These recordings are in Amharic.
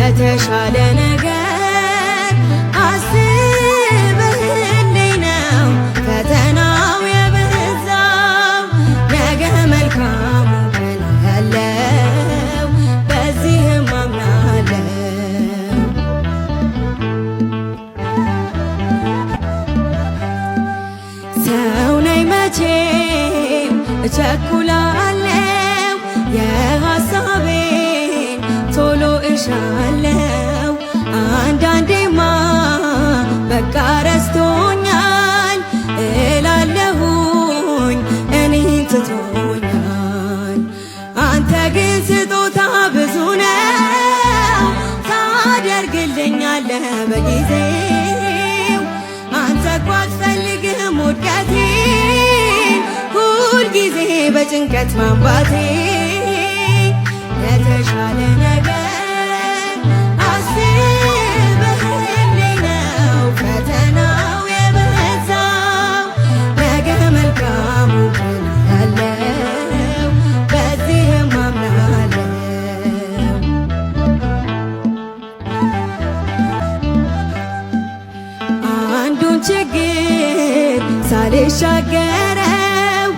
ለተሻለ ነገር አስበህልኝ ነው ፈተናው የበዛው ነገ መልካም ያለው በዚህም አምናለው ሰው ነኝ መቼም እቸኩላ እልሻለው አንዳንዴማ በቃ ረስቶኛል እላለሁኝ እኔ ትቶኛል። አንተ ግን ስጦታ ብዙ ነው ታደርግልኛለህ በጊዜው አንተ እኮ አትፈልግም ውድቀቴን ሁልጊዜ በጭንቀት ማንባቴ የተሻለ ሳልሻገረው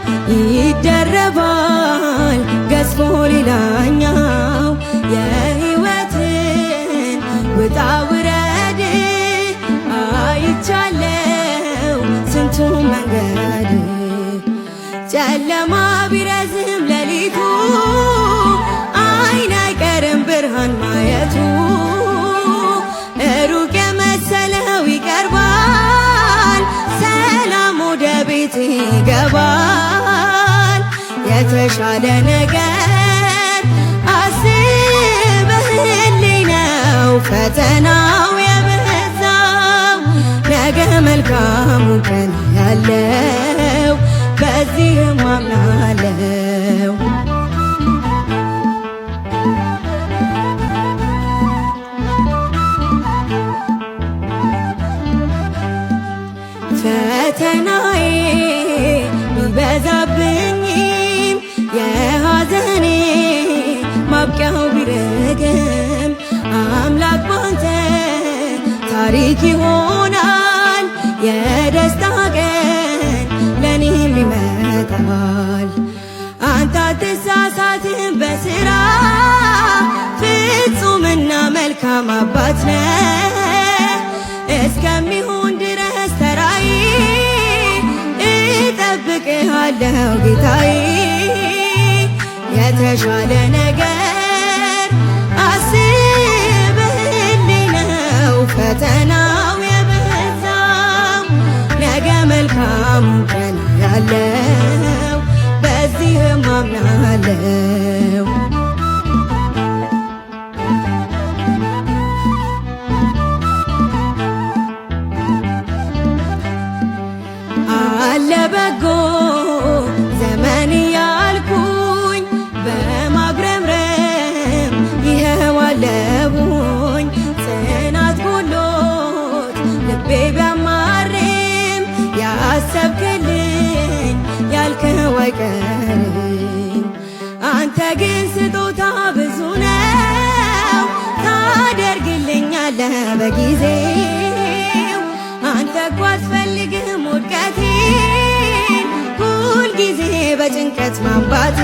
ይደረባል ገዝፎ ሌላኛው የሕይወትን ውጣ ውረድ አይቻለው ስንቱ መንገድ ጨለማ ቢረዝም ሌሊቱ አይነቀርም ብርሃን ይገባል የተሻለ ነገር አስበህልኝ ነው ፈተናው የበዛው ነገ መልካሙ ቀን ያለው በዚህም አምናለሁ ፈተናዬ ቢበዛብኝም የሐዘኔ ማብቂያው ቢረግም አምላክ ባንተ ታሪክ ይሆናል። የደስታ ቀን ለኔም ይመጣል። አንተ አትሳሳትም በስራ ፍጹምና መልካም አባት ነህ እስከሚሆን ያለው ጌታዬ የተሻለ ነገር አስብህልኝ ነው ፈተናው የበዛው ነገ መልካሙ ቀን ያለው በዚህም አምናለው ለበጎ ዘመን ያልኩኝ በማጉረምረም ይኸው አለሁኝ ጽናት ጎሎት ልቤ ቢያማርም ያሰብክልኝ ያልከው አይቀርም አንተ ግን ስጦታ ብዙ ነው ታደርግልኛለህ በጊዜው አንተ እኮ አትፈልግም ወድቀ በጭንቀት ማንባቴ